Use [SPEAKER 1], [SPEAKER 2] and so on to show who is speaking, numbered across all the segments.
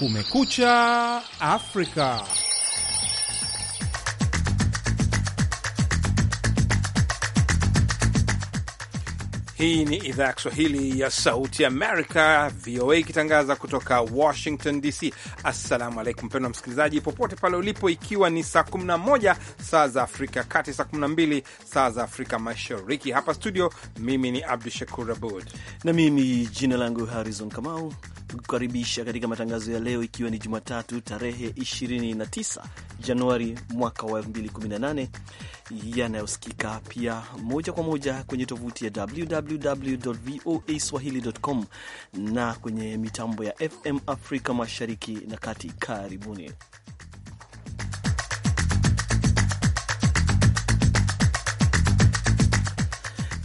[SPEAKER 1] Kumekucha Afrika. Hii ni idhaa ya Kiswahili ya Sauti Amerika, VOA, ikitangaza kutoka Washington DC. Assalamu alaikum mpendwa msikilizaji, popote pale ulipo, ikiwa ni saa 11 saa za Afrika kati, saa 12 saa za Afrika Mashariki. Hapa studio,
[SPEAKER 2] mimi ni Abdu Shakur Abud na mimi jina langu Harrison Kamau kukaribisha katika matangazo ya leo, ikiwa ni Jumatatu tarehe 29 Januari mwaka wa 2018 yanayosikika pia moja kwa moja kwenye tovuti ya www voa swahili.com na kwenye mitambo ya FM Afrika mashariki na kati. Karibuni.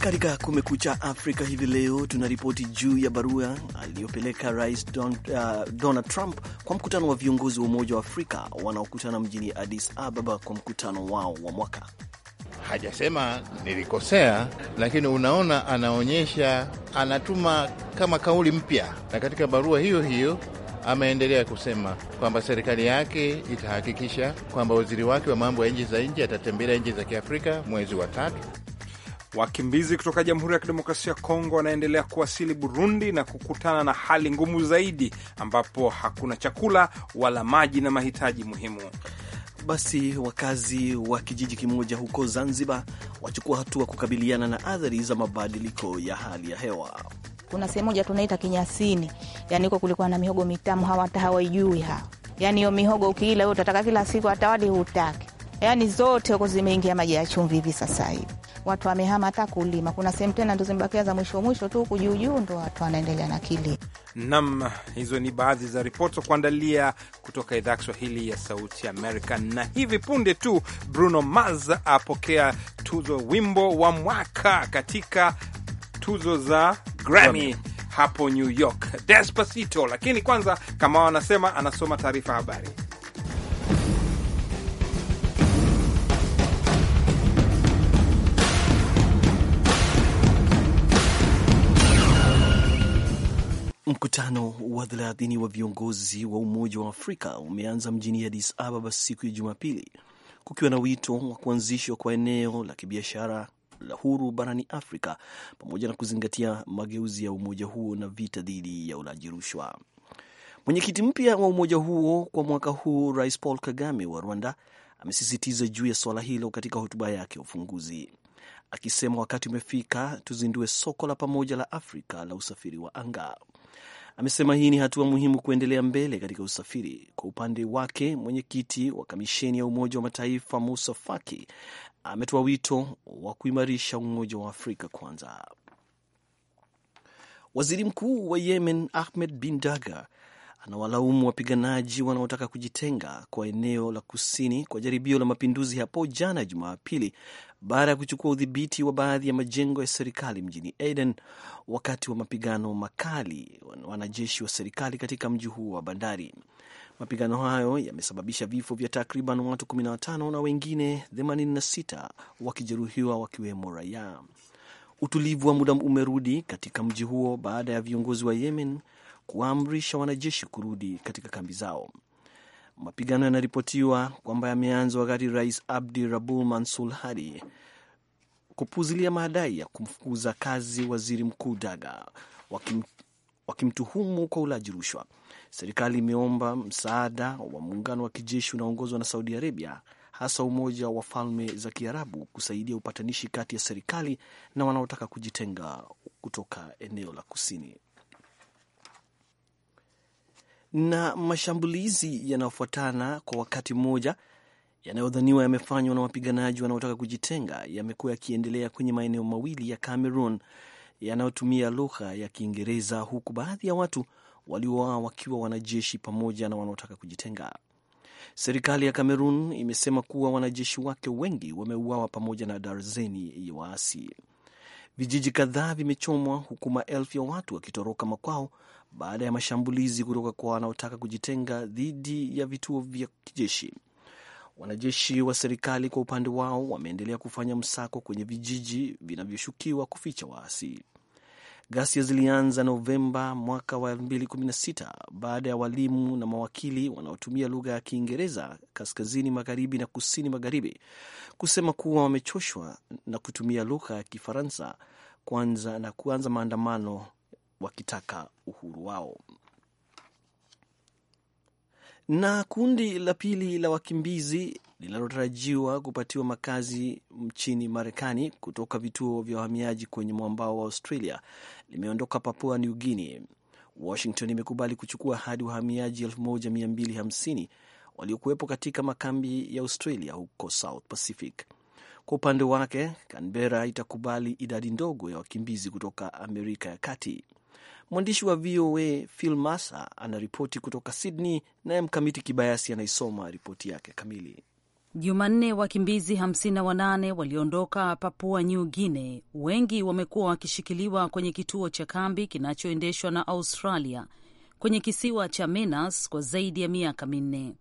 [SPEAKER 2] Katika Kumekucha Afrika hivi leo tunaripoti juu ya barua aliyopeleka Rais Don, uh, Donald Trump kwa mkutano wa viongozi wa Umoja wa Afrika wanaokutana mjini Addis Ababa kwa
[SPEAKER 3] mkutano wao wa mwaka. Hajasema nilikosea, lakini unaona, anaonyesha anatuma kama kauli mpya, na katika barua hiyo hiyo ameendelea kusema kwamba serikali yake itahakikisha kwamba waziri wake wa mambo ya nchi za nje atatembelea nchi za Kiafrika mwezi wa tatu. Wakimbizi kutoka Jamhuri
[SPEAKER 1] ya Kidemokrasia ya Kongo wanaendelea kuwasili Burundi na kukutana na hali ngumu zaidi,
[SPEAKER 2] ambapo hakuna chakula wala maji na mahitaji muhimu. Basi wakazi wa kijiji kimoja huko Zanzibar wachukua hatua kukabiliana na athari za mabadiliko ya hali ya hewa.
[SPEAKER 4] Kuna sehemu moja tunaita Kinyasini, yani huko kulikuwa na mihogo mitamu, hawata hawaijui ha, yani hiyo mihogo ukiila, utataka kila siku, hata wali hutaki yani zote huko zimeingia maji ya chumvi. Hivi sasa hivi watu wamehama hata kulima, kuna sehemu tena ndo zimebakia za mwisho mwisho tu huku juujuu, ndo watu wanaendelea na kilimo.
[SPEAKER 1] Nam, hizo ni baadhi za ripoti za kuandalia kutoka idhaa ya Kiswahili ya Sauti Amerika. Na hivi punde tu Bruno Mars apokea tuzo wimbo wa mwaka katika tuzo za Grammy hapo New York, Despacito. Lakini kwanza, kama wanasema, anasoma taarifa habari.
[SPEAKER 2] Mkutano wa thelathini wa viongozi wa Umoja wa Afrika umeanza mjini Addis Ababa siku ya Jumapili, kukiwa na wito wa kuanzishwa kwa eneo la kibiashara la huru barani Afrika pamoja na kuzingatia mageuzi ya umoja huo na vita dhidi ya ulaji rushwa. Mwenyekiti mpya wa umoja huo kwa mwaka huu, Rais Paul Kagame wa Rwanda, amesisitiza juu ya suala hilo katika hotuba yake ya ufunguzi akisema wakati umefika tuzindue soko la pamoja la Afrika la usafiri wa anga. Amesema hii ni hatua muhimu kuendelea mbele katika usafiri. Kwa upande wake, mwenyekiti wa kamisheni ya Umoja wa Mataifa Musa Faki ametoa wito wa kuimarisha umoja wa Afrika kwanza. Waziri Mkuu wa Yemen Ahmed bin Daga anawalaumu wapiganaji wanaotaka kujitenga kwa eneo la kusini kwa jaribio la mapinduzi hapo jana Jumapili baada ya kuchukua udhibiti wa baadhi ya majengo ya serikali mjini Aden wakati wa mapigano makali wanajeshi wa serikali katika mji huo wa bandari. Mapigano hayo yamesababisha vifo vya takriban watu 15 na wengine 86 wakijeruhiwa wakiwemo raia. Utulivu wa muda umerudi katika mji huo baada ya viongozi wa Yemen kuwaamrisha wanajeshi kurudi katika kambi zao. Mapigano yanaripotiwa kwamba yameanza wakati Rais Abdi Rabu mansul Hadi kupuzilia madai ya kumfukuza kazi waziri mkuu Daga wakim, wakimtuhumu kwa ulaji rushwa. Serikali imeomba msaada wa muungano wa kijeshi unaoongozwa na Saudi Arabia, hasa Umoja wa Falme za Kiarabu, kusaidia upatanishi kati ya serikali na wanaotaka kujitenga kutoka eneo la kusini na mashambulizi yanayofuatana kwa wakati mmoja yanayodhaniwa yamefanywa na wapiganaji wanaotaka kujitenga yamekuwa yakiendelea kwenye maeneo mawili ya Cameroon yanayotumia lugha ya Kiingereza, huku baadhi ya watu waliouawa wakiwa wanajeshi pamoja na wanaotaka kujitenga. Serikali ya Cameroon imesema kuwa wanajeshi wake wengi wameuawa pamoja na darzeni ya waasi. Vijiji kadhaa vimechomwa huku maelfu ya watu wakitoroka makwao baada ya mashambulizi kutoka kwa wanaotaka kujitenga dhidi ya vituo vya kijeshi. Wanajeshi wa serikali kwa upande wao wameendelea kufanya msako kwenye vijiji vinavyoshukiwa kuficha waasi. Ghasia zilianza Novemba mwaka wa 2016 baada ya walimu na mawakili wanaotumia lugha ya Kiingereza kaskazini magharibi na kusini magharibi kusema kuwa wamechoshwa na kutumia lugha ya Kifaransa kwanza na kuanza maandamano wakitaka uhuru wao. Na kundi la pili la wakimbizi linalotarajiwa kupatiwa makazi nchini Marekani kutoka vituo vya wahamiaji kwenye mwambao wa Australia limeondoka Papua New Guinea. Washington imekubali kuchukua hadi wahamiaji 1250 waliokuwepo katika makambi ya Australia huko South Pacific. Kwa upande wake, Canberra itakubali idadi ndogo ya wakimbizi kutoka Amerika ya Kati. Mwandishi wa VOA Phil Massa anaripoti kutoka Sydney, naye Mkamiti Kibayasi anaisoma ripoti yake kamili.
[SPEAKER 4] Jumanne, wakimbizi 58 waliondoka Papua New Guinea, wengi wamekuwa wakishikiliwa kwenye kituo cha kambi kinachoendeshwa na Australia kwenye kisiwa cha Minas kwa zaidi ya miaka minne.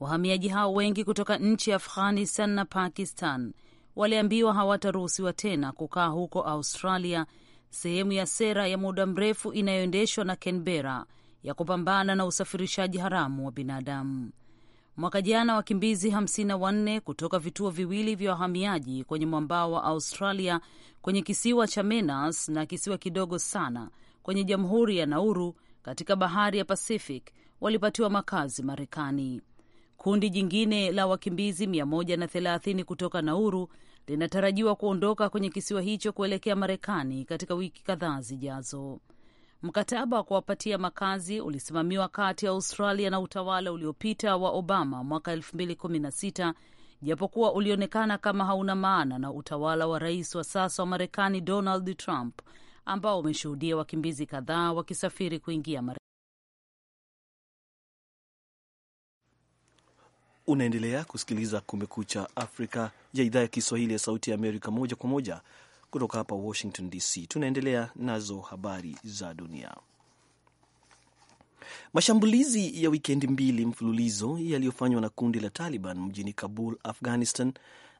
[SPEAKER 4] Wahamiaji hao wengi kutoka nchi ya Afghanistan na Pakistan waliambiwa hawataruhusiwa tena kukaa huko Australia, sehemu ya sera ya muda mrefu inayoendeshwa na Canberra ya kupambana na usafirishaji haramu wa binadamu. Mwaka jana wakimbizi 54 kutoka vituo viwili vya wahamiaji kwenye mwambao wa Australia, kwenye kisiwa cha Menas na kisiwa kidogo sana kwenye jamhuri ya Nauru katika bahari ya Pacific walipatiwa makazi Marekani. Kundi jingine la wakimbizi 130 kutoka Nauru linatarajiwa kuondoka kwenye kisiwa hicho kuelekea Marekani katika wiki kadhaa zijazo. Mkataba wa kuwapatia makazi ulisimamiwa kati ya Australia na utawala uliopita wa Obama mwaka 2016 japokuwa ulionekana kama hauna maana na utawala wa rais wa sasa wa Marekani Donald Trump ambao umeshuhudia wakimbizi kadhaa wakisafiri kuingia
[SPEAKER 2] Unaendelea kusikiliza Kumekucha Afrika ya idhaa ya Kiswahili ya Sauti ya Amerika, moja kwa moja kutoka hapa Washington DC, tunaendelea nazo habari za dunia. Mashambulizi ya wikendi mbili mfululizo yaliyofanywa na kundi la Taliban mjini Kabul, Afghanistan,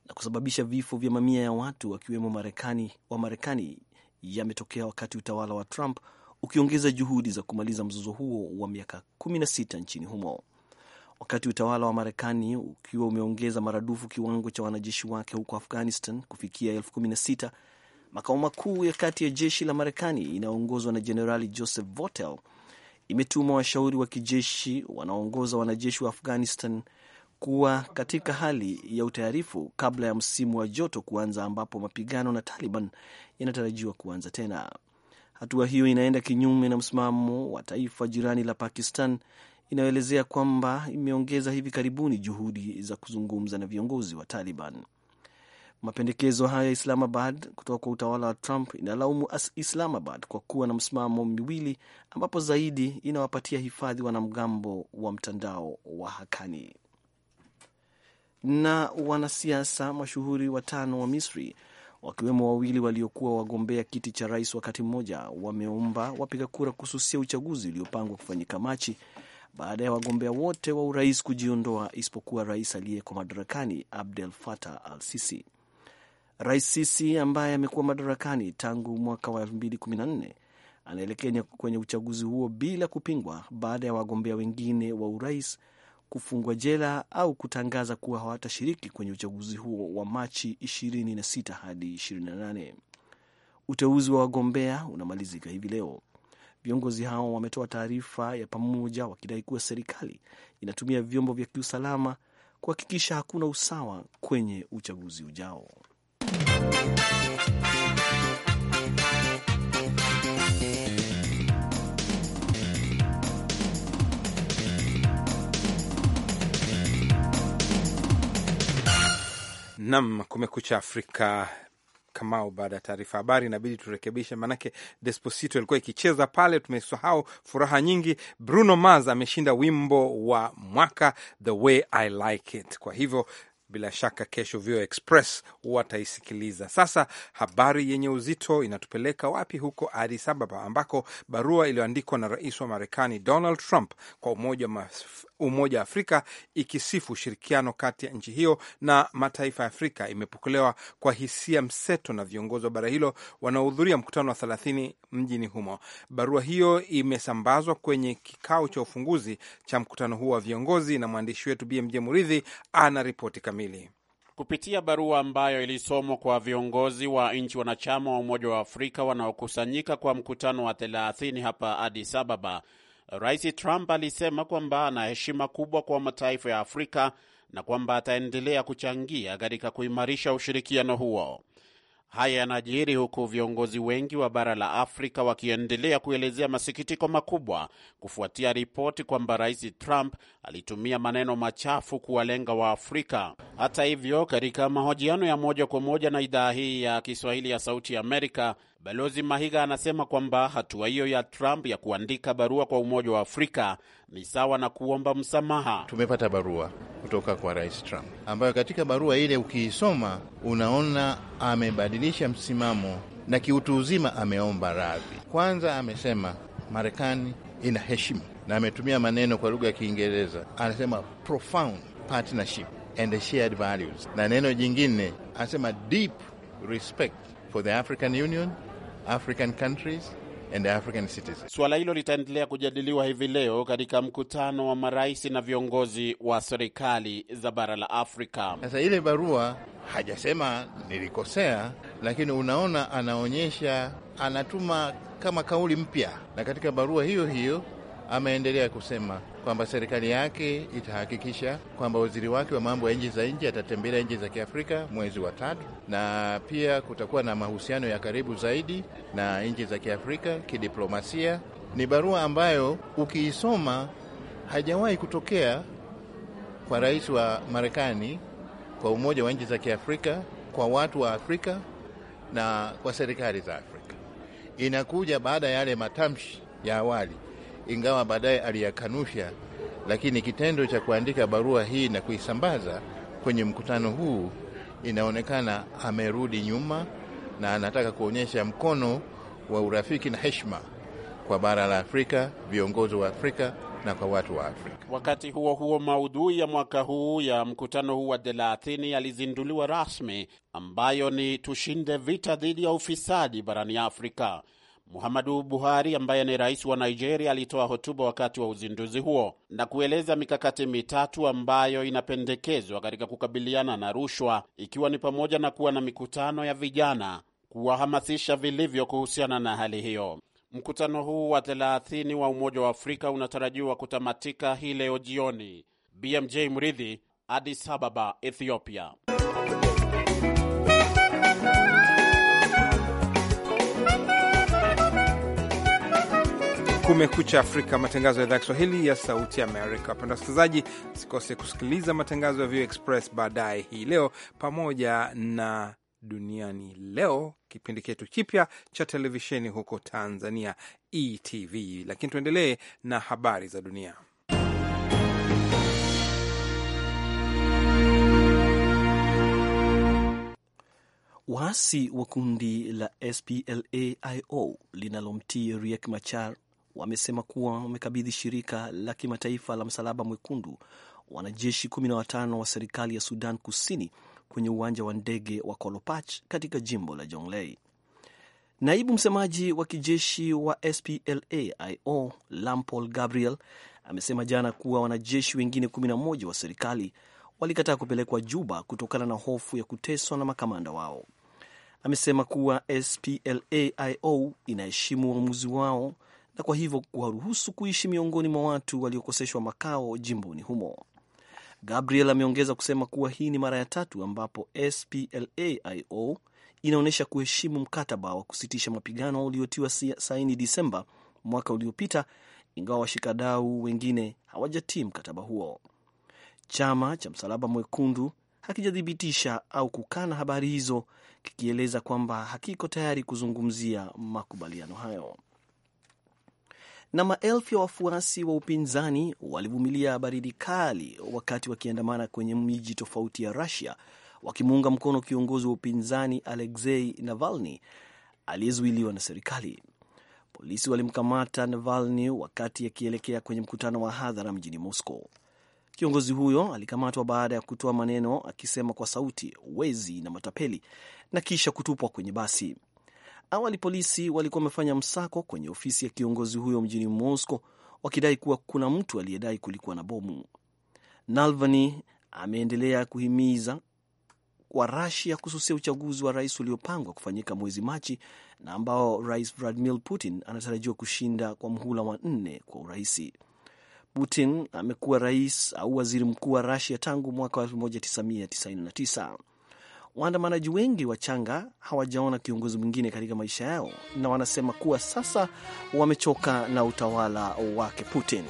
[SPEAKER 2] na kusababisha vifo vya mamia ya watu wakiwemo Marekani wa Marekani yametokea wakati utawala wa Trump ukiongeza juhudi za kumaliza mzozo huo wa miaka 16 nchini humo, wakati utawala wa Marekani ukiwa umeongeza maradufu kiwango cha wanajeshi wake huko Afghanistan kufikia elfu 16 makao makuu ya kati ya jeshi la Marekani inayoongozwa na Jenerali Joseph Votel imetuma washauri wa kijeshi wanaoongoza wanajeshi wa Afghanistan kuwa katika hali ya utayarifu kabla ya msimu wa joto kuanza, ambapo mapigano na Taliban yanatarajiwa kuanza tena. Hatua hiyo inaenda kinyume na msimamo wa taifa jirani la Pakistan inayoelezea kwamba imeongeza hivi karibuni juhudi za kuzungumza na viongozi wa Taliban. Mapendekezo haya ya Islamabad kutoka kwa utawala wa Trump inalaumu Islamabad kwa kuwa na msimamo miwili, ambapo zaidi inawapatia hifadhi wanamgambo wa mtandao wa Hakani. Na wanasiasa mashuhuri watano wa Misri wakiwemo wawili waliokuwa wagombea kiti cha rais wakati mmoja wameomba wapiga kura kususia uchaguzi uliopangwa kufanyika Machi baada ya wagombea wote wa urais kujiondoa isipokuwa rais aliyeko madarakani Abdel Fattah al-Sisi. Rais Sisi ambaye amekuwa madarakani tangu mwaka wa 2014 anaelekea kwenye uchaguzi huo bila kupingwa baada ya wagombea wengine wa urais kufungwa jela au kutangaza kuwa hawatashiriki kwenye uchaguzi huo wa Machi 26 hadi 28. Uteuzi wa wagombea unamalizika hivi leo. Viongozi hao wametoa taarifa ya pamoja wakidai kuwa serikali inatumia vyombo vya kiusalama kuhakikisha hakuna usawa kwenye uchaguzi ujao.
[SPEAKER 1] Nam, Kumekucha Afrika Kamau. Baada ya taarifa habari, inabidi turekebishe, maanake Desposito ilikuwa ikicheza pale, tumesahau furaha nyingi. Bruno Mars ameshinda wimbo wa mwaka The Way I Like It, kwa hivyo bila shaka kesho VOA Express wataisikiliza. Sasa habari yenye uzito inatupeleka wapi? Huko adisababa Ababa ambako barua iliyoandikwa na rais wa Marekani Donald Trump kwa Umoja wa Umoja wa Afrika ikisifu ushirikiano kati ya nchi hiyo na mataifa ya Afrika imepokelewa kwa hisia mseto na viongozi wa bara hilo wanaohudhuria mkutano wa thelathini mjini humo. Barua hiyo imesambazwa kwenye kikao cha ufunguzi cha mkutano huo wa viongozi, na mwandishi wetu BMJ Muridhi ana ripoti kamili.
[SPEAKER 5] Kupitia barua ambayo ilisomwa kwa viongozi wa nchi wanachama wa Umoja wa Afrika wanaokusanyika kwa mkutano wa 30 hapa Addis Ababa, Rais Trump alisema kwamba ana heshima kubwa kwa mataifa ya Afrika na kwamba ataendelea kuchangia katika kuimarisha ushirikiano huo. Haya yanajiri huku viongozi wengi wa bara la Afrika wakiendelea kuelezea masikitiko makubwa kufuatia ripoti kwamba Rais Trump alitumia maneno machafu kuwalenga Waafrika. Hata hivyo, katika mahojiano ya moja kwa moja na idhaa hii ya Kiswahili ya Sauti ya Amerika, Balozi Mahiga anasema kwamba hatua hiyo ya Trump ya kuandika barua kwa Umoja wa Afrika ni sawa na kuomba msamaha.
[SPEAKER 3] Tumepata barua kutoka kwa Rais Trump ambayo katika barua ile ukiisoma unaona amebadilisha msimamo na kiutu uzima ameomba radhi. Kwanza amesema Marekani ina heshima na ametumia maneno kwa lugha ya Kiingereza, anasema profound partnership and shared values, na neno jingine anasema deep respect for the African Union African countries and African cities.
[SPEAKER 5] Suala hilo litaendelea kujadiliwa hivi leo katika mkutano wa marais na viongozi wa serikali za bara la Afrika.
[SPEAKER 3] Sasa ile barua hajasema nilikosea, lakini unaona, anaonyesha anatuma kama kauli mpya, na katika barua hiyo hiyo ameendelea kusema kwamba serikali yake itahakikisha kwamba waziri wake wa mambo ya nchi za nje atatembelea nchi za Kiafrika mwezi wa tatu, na pia kutakuwa na mahusiano ya karibu zaidi na nchi za Kiafrika kidiplomasia. Ni barua ambayo ukiisoma hajawahi kutokea kwa rais wa Marekani, kwa umoja wa nchi za Kiafrika, kwa watu wa Afrika na kwa serikali za Afrika. Inakuja baada ya yale matamshi ya awali ingawa baadaye aliyakanusha, lakini kitendo cha kuandika barua hii na kuisambaza kwenye mkutano huu inaonekana amerudi nyuma na anataka kuonyesha mkono wa urafiki na heshima kwa bara la Afrika, viongozi wa Afrika na kwa watu wa Afrika.
[SPEAKER 5] Wakati huo huo, maudhui ya mwaka huu ya mkutano huu wa thelathini yalizinduliwa rasmi, ambayo ni tushinde vita dhidi ya ufisadi barani Afrika. Muhammadu Buhari ambaye ni rais wa Nigeria alitoa hotuba wakati wa uzinduzi huo na kueleza mikakati mitatu ambayo inapendekezwa katika kukabiliana na rushwa, ikiwa ni pamoja na kuwa na mikutano ya vijana kuwahamasisha vilivyo kuhusiana na hali hiyo. Mkutano huu wa 30 wa Umoja wa Afrika unatarajiwa kutamatika hii leo jioni. BMJ Mridhi, Addis Ababa, Ethiopia.
[SPEAKER 1] Kumekucha Afrika, matangazo ya idhaa Kiswahili ya Sauti Amerika. Wapenda wasikilizaji, sikose kusikiliza matangazo ya VOA Express baadaye hii leo, pamoja na Duniani Leo, kipindi chetu kipya cha televisheni huko Tanzania, ETV. Lakini tuendelee na habari za dunia.
[SPEAKER 2] Waasi wa kundi la SPLAIO linalomtii Riek Machar wamesema kuwa wamekabidhi shirika la kimataifa la Msalaba Mwekundu wanajeshi 15 wa serikali ya Sudan Kusini kwenye uwanja wa ndege wa Kolopach katika jimbo la Jonglei. Naibu msemaji wa kijeshi wa SPLA-IO Lampol Gabriel amesema jana kuwa wanajeshi wengine 11 wa serikali walikataa kupelekwa Juba kutokana na hofu ya kuteswa na makamanda wao. Amesema kuwa SPLA-IO inaheshimu uamuzi wao na kwa hivyo kuwaruhusu kuishi miongoni mwa watu waliokoseshwa makao jimboni humo. Gabriel ameongeza kusema kuwa hii ni mara ya tatu ambapo SPLAIO inaonyesha kuheshimu mkataba wa kusitisha mapigano uliotiwa saini Disemba mwaka uliopita, ingawa washikadau wengine hawajatii mkataba huo. Chama cha Msalaba Mwekundu hakijathibitisha au kukana habari hizo, kikieleza kwamba hakiko tayari kuzungumzia makubaliano hayo na maelfu ya wafuasi wa upinzani walivumilia baridi kali wakati wakiandamana kwenye miji tofauti ya Russia wakimuunga mkono kiongozi wa upinzani Alexei Navalny aliyezuiliwa na serikali. Polisi walimkamata Navalny wakati akielekea kwenye mkutano wa hadhara mjini Moscow. Kiongozi huyo alikamatwa baada ya kutoa maneno akisema kwa sauti wezi na matapeli, na kisha kutupwa kwenye basi. Awali polisi walikuwa wamefanya msako kwenye ofisi ya kiongozi huyo mjini Moscow wakidai kuwa kuna mtu aliyedai kulikuwa na bomu. Nalvani ameendelea kuhimiza kwa Rasia kususia uchaguzi wa rais uliopangwa kufanyika mwezi Machi na ambao rais Vladimir Putin anatarajiwa kushinda kwa mhula wa nne kwa urahisi. Putin amekuwa rais au waziri mkuu wa Rasia tangu mwaka wa 1999 waandamanaji wengi wachanga hawajaona kiongozi mwingine katika maisha yao na wanasema kuwa sasa wamechoka na utawala wake Putin.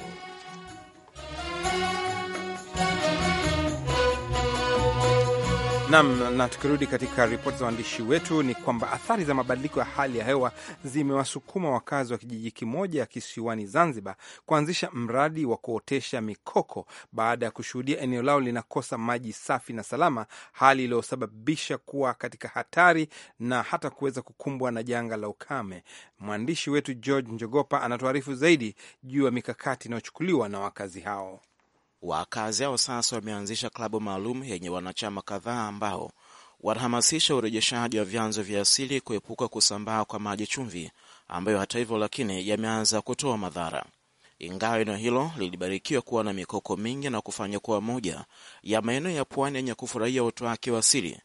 [SPEAKER 1] Nam, na tukirudi katika ripoti za waandishi wetu ni kwamba athari za mabadiliko ya hali ya hewa zimewasukuma wakazi wa kijiji kimoja kisiwani Zanzibar kuanzisha mradi wa kuotesha mikoko baada ya kushuhudia eneo lao linakosa maji safi na salama, hali iliyosababisha kuwa katika hatari na hata kuweza kukumbwa na janga la ukame. Mwandishi wetu George Njogopa anatuarifu zaidi juu ya mikakati inayochukuliwa na wakazi
[SPEAKER 6] hao. Wakazi hao sasa wameanzisha klabu maalum yenye wanachama kadhaa ambao wanahamasisha urejeshaji wa vyanzo vya asili, kuepuka kusambaa kwa maji chumvi ambayo hata hivyo lakini yameanza kutoa madhara. Ingawa eneo hilo lilibarikiwa kuwa na mikoko mingi na kufanya kuwa moja ya maeneo ya pwani yenye kufurahia uoto wake wa asili,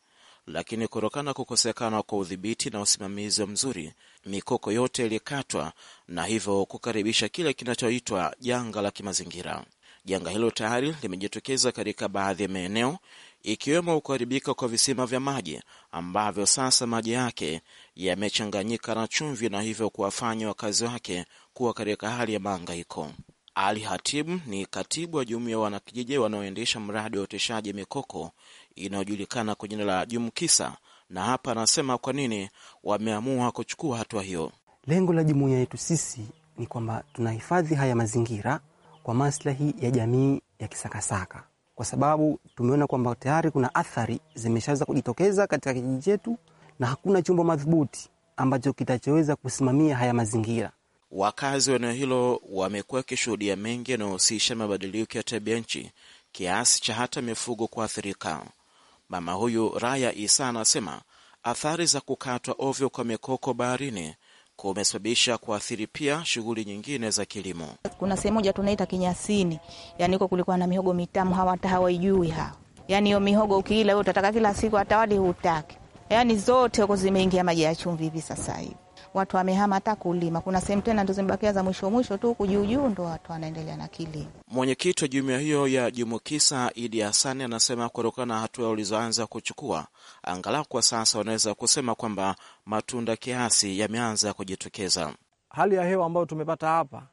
[SPEAKER 6] lakini kutokana kukosekana kwa udhibiti na usimamizi mzuri, mikoko yote ilikatwa na hivyo kukaribisha kile kinachoitwa janga la kimazingira. Janga hilo tayari limejitokeza katika baadhi ya maeneo ikiwemo kuharibika kwa visima vya maji ambavyo sasa maji yake yamechanganyika na chumvi na hivyo kuwafanya wakazi wake kuwa katika hali ya maangaiko Ali Hatibu ni katibu wa jumuiya ya wanakijiji wanaoendesha mradi wa uoteshaji mikoko inayojulikana kwa jina la Jumkisa, na hapa anasema kwa nini wameamua kuchukua hatua hiyo.
[SPEAKER 2] Lengo la jumuiya yetu sisi ni kwamba tunahifadhi haya mazingira kwa maslahi ya jamii ya Kisakasaka, kwa sababu tumeona kwamba tayari kuna athari zimeshaweza
[SPEAKER 6] kujitokeza katika kijiji chetu na hakuna chombo madhubuti ambacho kitachoweza kusimamia
[SPEAKER 2] haya mazingira.
[SPEAKER 6] Wakazi wa eneo hilo wamekuwa wakishuhudia mengi yanayohusisha mabadiliko ya tabia nchi kiasi cha hata mifugo kuathirika. Mama huyu Raya Isa anasema athari za kukatwa ovyo kwa mikoko baharini kumesababisha kuathiri pia shughuli nyingine za kilimo.
[SPEAKER 4] Kuna sehemu moja tunaita Kinyasini, yani huko kulikuwa na mihogo mitamu, hawa hata hawaijui hawa. Yani hiyo mihogo ukiila utataka kila siku, hata wali hutaki, yani zote huko zimeingia maji ya chumvi hivi sasa hivi watu wamehama hata kulima. Kuna sehemu tena ndo zimebakia za mwisho mwisho tu kujuujuu, ndo watu wanaendelea na kilimo.
[SPEAKER 6] Mwenyekiti wa jumuiya hiyo ya Jumukisa Idi Hasani anasema kutokana na hatua walizoanza kuchukua, angalau kwa sasa wanaweza kusema kwamba matunda kiasi yameanza kujitokeza.
[SPEAKER 7] Hali ya hewa ambayo tumepata hapa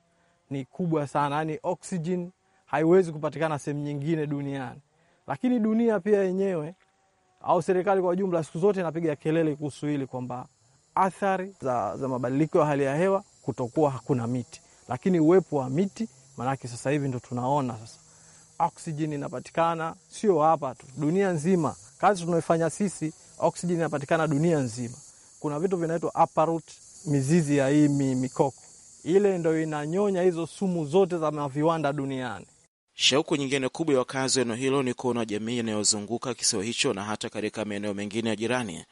[SPEAKER 7] ni kubwa sana, yaani oksijen haiwezi kupatikana sehemu nyingine duniani, lakini dunia pia yenyewe au serikali kwa ujumla siku zote inapiga kelele kuhusu hili kwamba athari za, za mabadiliko ya hali ya hewa kutokuwa hakuna miti, lakini uwepo wa miti maanake sasa hivi ndo tunaona sasa oksijeni inapatikana, sio hapa tu, dunia nzima. Kazi tunaoifanya sisi, oksijeni inapatikana dunia nzima. Kuna vitu vinaitwa aparut, mizizi ya hii mikoko, ile ndo inanyonya hizo sumu zote za maviwanda duniani.
[SPEAKER 6] Shauku nyingine kubwa ya wakazi wa eneo hilo ni kuona jamii inayozunguka kisiwa hicho na hata katika maeneo mengine ya jirani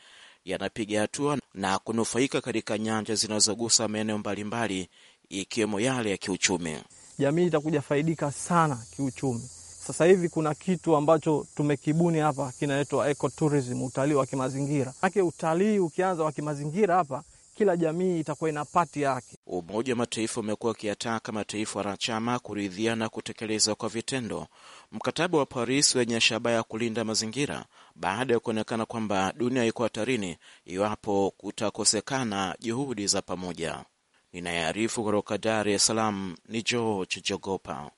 [SPEAKER 6] yanapiga hatua na kunufaika katika nyanja zinazogusa maeneo mbalimbali ikiwemo yale ya kiuchumi.
[SPEAKER 7] Jamii itakuja faidika sana kiuchumi. Sasa hivi kuna kitu ambacho tumekibuni hapa kinaitwa ecotourism, utalii wa kimazingira. Maanake utalii ukianza wa kimazingira hapa kila jamii itakuwa ina pati yake.
[SPEAKER 6] Umoja wa Mataifa umekuwa ukiyataka mataifa wanachama kuridhia na kutekeleza kwa vitendo mkataba wa Paris wenye shabaha ya kulinda mazingira baada ya kuonekana kwamba dunia iko hatarini iwapo kutakosekana juhudi za pamoja. Ninayearifu kutoka Dar es Salaam ni George Jogopa.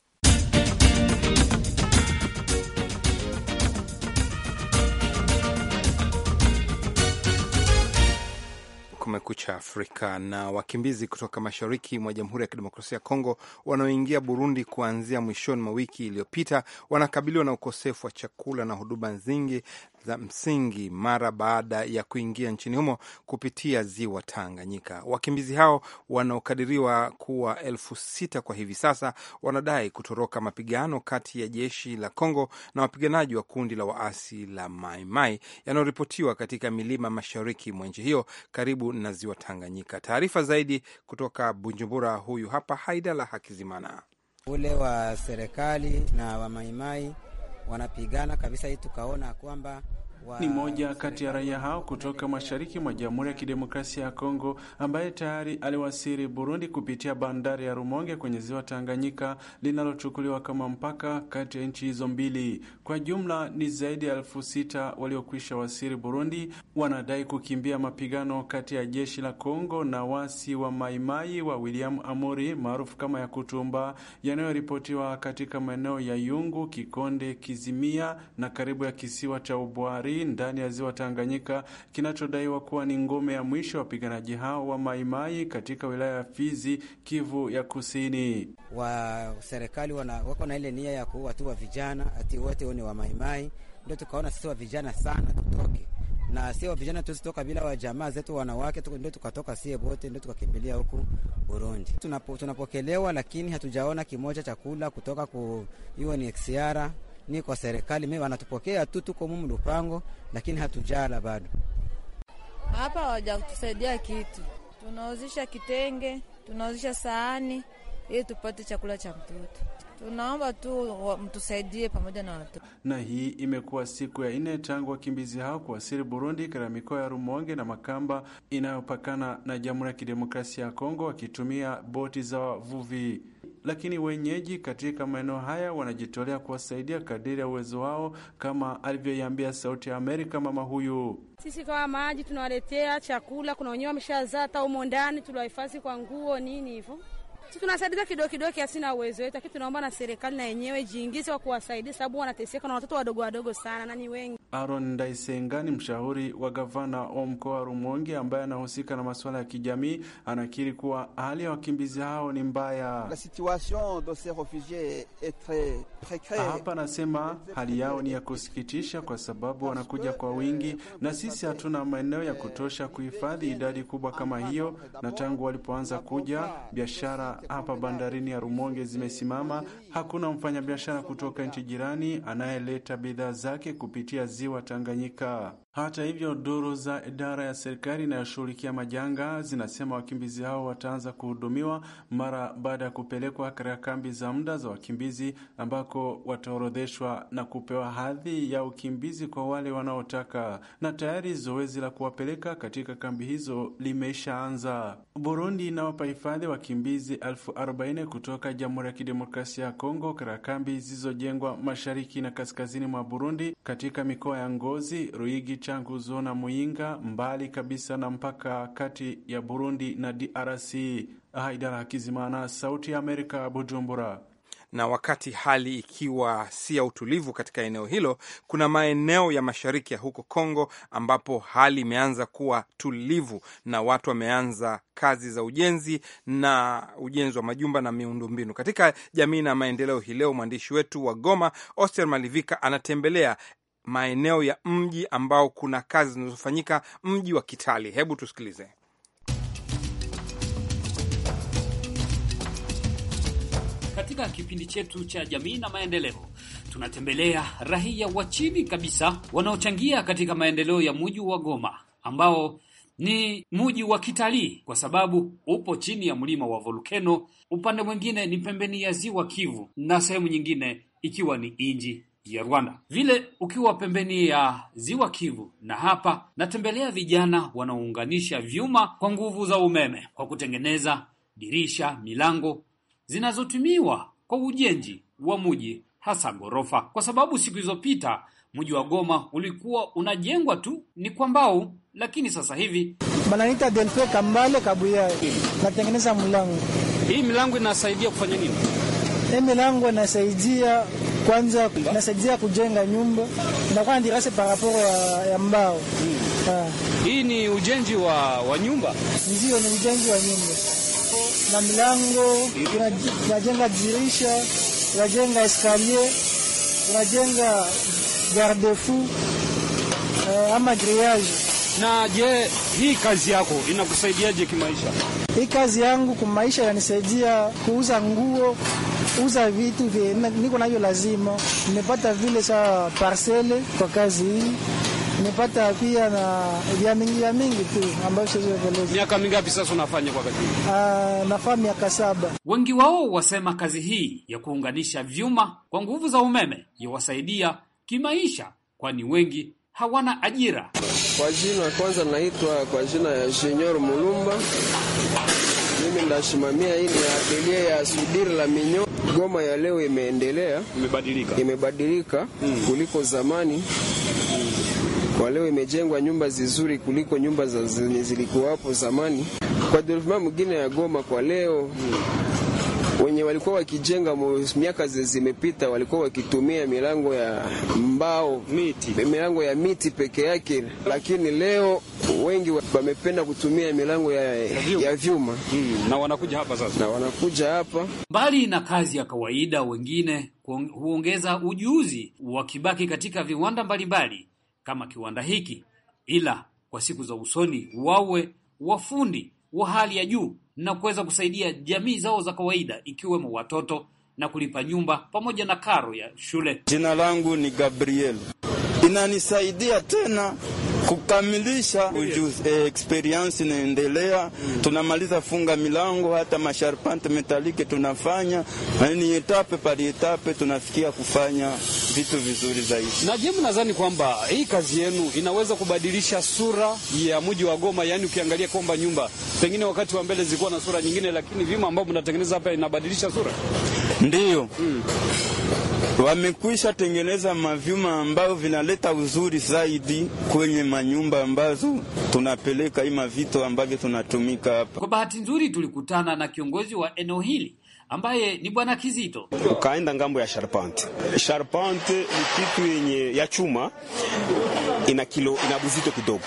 [SPEAKER 1] Kumekucha Afrika. Na wakimbizi kutoka mashariki mwa Jamhuri ya Kidemokrasia ya Kongo wanaoingia Burundi kuanzia mwishoni mwa wiki iliyopita wanakabiliwa na ukosefu wa chakula na huduma zingi za msingi mara baada ya kuingia nchini humo kupitia ziwa Tanganyika. Wakimbizi hao wanaokadiriwa kuwa elfu sita kwa hivi sasa wanadai kutoroka mapigano kati ya jeshi la Kongo na wapiganaji wa kundi la waasi la Maimai yanayoripotiwa katika milima mashariki mwa nchi hiyo karibu na ziwa Tanganyika. Taarifa zaidi kutoka Bujumbura, huyu hapa Haidala Hakizimana.
[SPEAKER 4] Ule wa serikali
[SPEAKER 6] na wa Maimai wanapigana kabisa, hii tukaona kwamba ni
[SPEAKER 8] mmoja kati ya raia hao kutoka mashariki mwa Jamhuri ya Kidemokrasia ya Kongo ambaye tayari aliwasili Burundi kupitia bandari ya Rumonge kwenye ziwa Tanganyika linalochukuliwa kama mpaka kati ya nchi hizo mbili. Kwa jumla ni zaidi ya elfu sita waliokwisha wasili Burundi, wanadai kukimbia mapigano kati ya jeshi la Kongo na wasi wa Maimai wa William Amuri maarufu kama ya Kutumba yanayoripotiwa katika maeneo ya Yungu, Kikonde, Kizimia na karibu ya kisiwa cha Ubwari Ituri ndani ya ziwa Tanganyika kinachodaiwa kuwa ni ngome ya mwisho wapiganaji hao wa Maimai katika wilaya ya Fizi, Kivu ya Kusini.
[SPEAKER 4] wa serikali
[SPEAKER 8] wako na ile
[SPEAKER 6] nia ya kuua tu wa vijana ati wote ni wa Maimai, ndio tukaona sisi wa vijana sana tutoke na wa vijana tuzitoka bila wa jamaa zetu wanawake, tu, ndio tukatoka sie wote, ndio tukakimbilia
[SPEAKER 9] huku Burundi.
[SPEAKER 6] Tunapo, tunapokelewa lakini hatujaona kimoja chakula kutoka ku UNHCR ni kwa serikali mimi wanatupokea tu, tuko mumu Lupango, lakini hatujala bado
[SPEAKER 4] hapa, hawajatusaidia kitu. Tunauzisha kitenge, tunauzisha sahani ili tupate chakula cha mtoto. Tunaomba tu mtusaidie pamoja na watoto.
[SPEAKER 8] Na hii imekuwa siku ya nne tangu wakimbizi hao kuwasili Burundi katika mikoa ya Rumonge na Makamba inayopakana na Jamhuri ya Kidemokrasia ya Kongo wakitumia boti za wavuvi lakini wenyeji katika maeneo haya wanajitolea kuwasaidia kadiri ya uwezo wao, kama alivyoiambia Sauti ya Amerika mama huyu.
[SPEAKER 4] Sisi kama maji tunawaletea chakula, kuna wenyewe wameshazaa hata humo ndani, tuliwahifadhi kwa nguo nini hivyo si tunasaidia kidogo kidogo kiasi na uwezo wetu, lakini tunaomba na serikali na yenyewe jiingize kwa kuwasaidia, sababu wanateseka na watoto wadogo wadogo sana na ni wengi.
[SPEAKER 8] Aaron Ndaisenga ni mshauri wa gavana wa mkoa wa Rumonge ambaye anahusika na masuala ya kijamii, anakiri kuwa hali ya wakimbizi hao ni mbaya. Hapa anasema hali yao ni ya kusikitisha, kwa sababu wanakuja kwa wingi na sisi hatuna maeneo ya kutosha kuhifadhi idadi kubwa kama hiyo, na tangu walipoanza kuja biashara hapa bandarini ya Rumonge zimesimama. Hakuna mfanyabiashara kutoka nchi jirani anayeleta bidhaa zake kupitia ziwa Tanganyika. Hata hivyo, duru za idara ya serikali inayoshughulikia majanga zinasema wakimbizi hao wataanza kuhudumiwa mara baada ya kupelekwa katika kambi za muda za wakimbizi ambako wataorodheshwa na kupewa hadhi ya ukimbizi kwa wale wanaotaka, na tayari zoezi la kuwapeleka katika kambi hizo limeshaanza. Burundi inawapa hifadhi wakimbizi elfu arobaini kutoka Jamhuri ya Kidemokrasia ya Kongo katika kambi zilizojengwa mashariki na kaskazini mwa Burundi katika mikoa ya Ngozi, Ruigi changu Zona Muyinga, mbali kabisa na mpaka kati ya Burundi na DRC. Haidara Hakizimana, Sauti ya Amerika, Bujumbura.
[SPEAKER 1] Na wakati hali ikiwa si ya utulivu katika eneo hilo, kuna maeneo ya mashariki ya huko Kongo ambapo hali imeanza kuwa tulivu na watu wameanza kazi za ujenzi na ujenzi wa majumba na miundombinu katika jamii na maendeleo. Hii leo mwandishi wetu wa Goma, Oster Malivika, anatembelea maeneo ya mji ambao kuna kazi zinazofanyika, mji wa kitali Hebu tusikilize.
[SPEAKER 9] Katika kipindi chetu cha jamii na maendeleo tunatembelea raia wa chini kabisa wanaochangia katika maendeleo ya mji wa Goma ambao ni mji wa kitalii kwa sababu upo chini ya mlima wa volkeno, upande mwingine ni pembeni ya ziwa Kivu na sehemu nyingine ikiwa ni inji ya Rwanda. Vile ukiwa pembeni ya Ziwa Kivu na hapa natembelea vijana wanaounganisha vyuma kwa nguvu za umeme kwa kutengeneza dirisha, milango zinazotumiwa kwa ujenzi wa mji hasa ghorofa, kwa sababu siku zilizopita mji wa Goma ulikuwa unajengwa tu ni kwa mbao, lakini sasa hivi
[SPEAKER 7] bananita Delfe Kambale Kabuya, natengeneza mlango.
[SPEAKER 9] Hii milango inasaidia
[SPEAKER 7] kufanya nini? Hii milango inasaidia kwanza nasaidia kujenga nyumba inakuwa ndirase paraporo ya, ya mbao hmm. Ah. Hii ni ujenzi wa, wa nyumba, ndio ni ujenzi wa nyumba na mlango tunajenga dirisha, tunajenga eskalier, tunajenga garde fou eh, ama grillage
[SPEAKER 9] na je, hii kazi yako inakusaidiaje kimaisha?
[SPEAKER 7] Hii kazi yangu kumaisha inanisaidia kuuza nguo, uza vitu vye niko navyo lazima. Nimepata vile sa parcele kwa kazi hii, nimepata pia na vya mingi vya mingi tu ambayo siwezi kueleza.
[SPEAKER 9] Miaka mingapi sasa unafanya kwa kazi hii?
[SPEAKER 7] Ah, miaka saba.
[SPEAKER 9] Wengi wao wasema kazi hii ya kuunganisha vyuma kwa nguvu za umeme yawasaidia kimaisha, kwani wengi hawana ajira.
[SPEAKER 7] Kwa jina kwanza, naitwa kwa jina ya Senior Mulumba.
[SPEAKER 6] Mimi ndashimamia hii ni atelie ya sudir la Minyo. Goma ya leo imeendelea,
[SPEAKER 9] imebadilika,
[SPEAKER 6] imebadilika mm, kuliko zamani kwa leo imejengwa nyumba zizuri kuliko nyumba zenye zilikuwa hapo zamani. Kwa development mwingine ya Goma kwa leo hmm wenye walikuwa wakijenga miaka zimepita, walikuwa wakitumia milango ya mbao miti, milango ya miti peke yake, lakini leo wengi wamependa kutumia milango ya, ya vyuma hmm,
[SPEAKER 9] na wanakuja hapa sasa, na wanakuja hapa mbali na kazi ya kawaida, wengine huongeza ujuzi wakibaki katika viwanda mbalimbali kama kiwanda hiki, ila kwa siku za usoni wawe wafundi wa hali ya juu na kuweza kusaidia jamii zao za kawaida ikiwemo watoto na kulipa nyumba pamoja na karo ya shule.
[SPEAKER 6] Jina langu ni Gabriel, inanisaidia tena kukamilisha ujuzi. E, experience inaendelea, mm. tunamaliza funga milango, hata masharpante metalike tunafanya, ni etape pari etape, tunafikia
[SPEAKER 7] kufanya vitu vizuri zaidi.
[SPEAKER 9] Na je, mnadhani kwamba hii kazi yenu inaweza kubadilisha sura ya mji wa Goma? Yaani ukiangalia kwamba nyumba pengine wakati wa mbele zilikuwa na sura nyingine, lakini vima ambao mnatengeneza hapa inabadilisha sura,
[SPEAKER 8] ndiyo mm.
[SPEAKER 6] Wamekwisha tengeneza mavyuma ambayo vinaleta uzuri zaidi kwenye manyumba ambazo tunapeleka ima vito ambavyo tunatumika hapa.
[SPEAKER 9] Kwa bahati nzuri tulikutana na kiongozi wa eneo hili ambaye ni bwana Kizito.
[SPEAKER 5] Ukaenda ngambo ya sharpante. Sharpante ni kitu yenye ya chuma ina kilo, ina buzito kidogo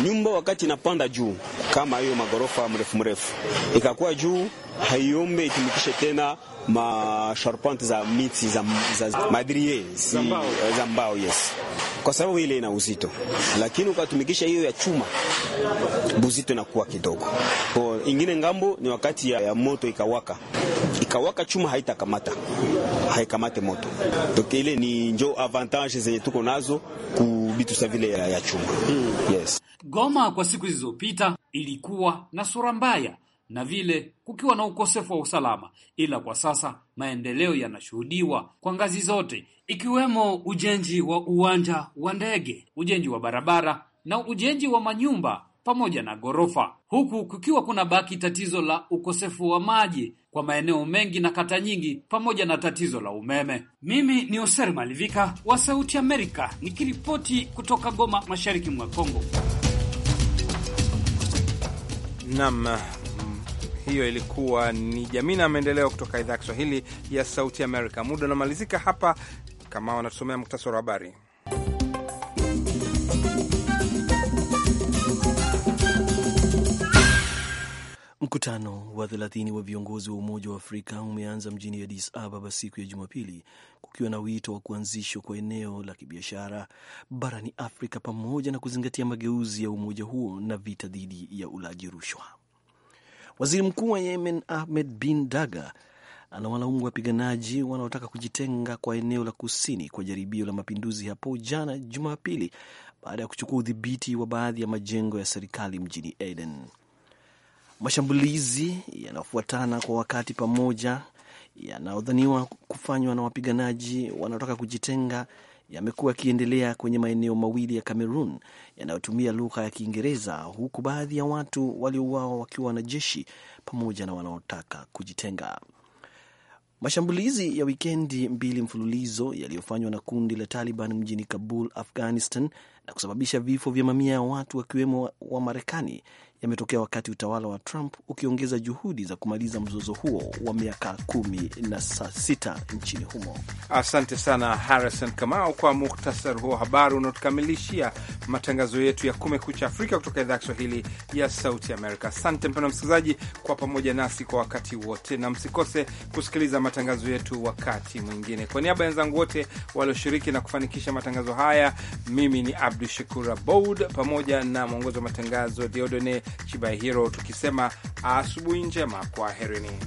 [SPEAKER 5] nyumba wakati inapanda juu kama hiyo magorofa mrefu mrefu ikakuwa juu, haiombe itumikishe tena masharpante za miti za, za madrie si, za mbao yes, kwa sababu ile ina uzito, lakini ukatumikisha hiyo ya chuma buzito inakuwa kidogo. Kwa ingine ngambo ni wakati ya, ya moto ikawaka ikawaka, chuma haitakamata haikamate moto toke, ile ni njo avantage zenye tuko nazo kubitu sa vile ya, ya chuma hmm. Yes.
[SPEAKER 9] Goma kwa siku zilizopita ilikuwa na sura mbaya na vile kukiwa na ukosefu wa usalama, ila kwa sasa maendeleo yanashuhudiwa kwa ngazi zote, ikiwemo ujenzi wa uwanja wa ndege, ujenzi wa barabara na ujenzi wa manyumba pamoja na ghorofa, huku kukiwa kuna baki tatizo la ukosefu wa maji kwa maeneo mengi na kata nyingi, pamoja na tatizo la umeme. Mimi ni Oser Malivika wa Sauti Amerika nikiripoti
[SPEAKER 1] kutoka Goma, mashariki mwa Kongo. Naam, hiyo ilikuwa ni jamii na maendeleo kutoka idhaa ya Kiswahili ya Sauti Amerika. Muda unamalizika hapa, kama wanatusomea muktasari wa habari.
[SPEAKER 2] Mkutano wa 30 wa viongozi wa Umoja wa Afrika umeanza mjini Addis Ababa siku ya Jumapili kukiwa na wito wa kuanzishwa kwa eneo la kibiashara barani Afrika pamoja na kuzingatia mageuzi ya umoja huo na vita dhidi ya ulaji rushwa. Waziri Mkuu wa Yemen Ahmed bin Daga anawalaumu wapiganaji wanaotaka kujitenga kwa eneo la kusini kwa jaribio la mapinduzi hapo jana Jumapili baada ya kuchukua udhibiti wa baadhi ya majengo ya serikali mjini Aden. Mashambulizi yanafuatana kwa wakati pamoja yanayodhaniwa kufanywa na wapiganaji wanaotaka kujitenga yamekuwa yakiendelea kwenye maeneo mawili ya Cameroon yanayotumia lugha ya Kiingereza, huku baadhi ya watu waliouawa wakiwa wanajeshi pamoja na wanaotaka kujitenga. Mashambulizi ya wikendi mbili mfululizo yaliyofanywa na kundi la Taliban mjini Kabul, Afghanistan, na kusababisha vifo vya mamia ya watu wakiwemo wa Marekani yametokea wakati utawala wa Trump ukiongeza juhudi za kumaliza mzozo huo wa miaka kumi na sita nchini humo.
[SPEAKER 1] Asante sana Harrison Kamau kwa muhtasari huo habari unaotukamilishia matangazo yetu ya Kumekucha Afrika kutoka idhaa ya Kiswahili ya Sauti Amerika. Asante mpendwa msikilizaji kwa pamoja nasi kwa wakati wote, na msikose kusikiliza matangazo yetu wakati mwingine. Kwa niaba ya wenzangu wote walioshiriki na kufanikisha matangazo haya, mimi ni Abdu Shakur abod pamoja na mwongozi wa matangazo Diodone Chibahiro tukisema asubuhi njema, kwaherini.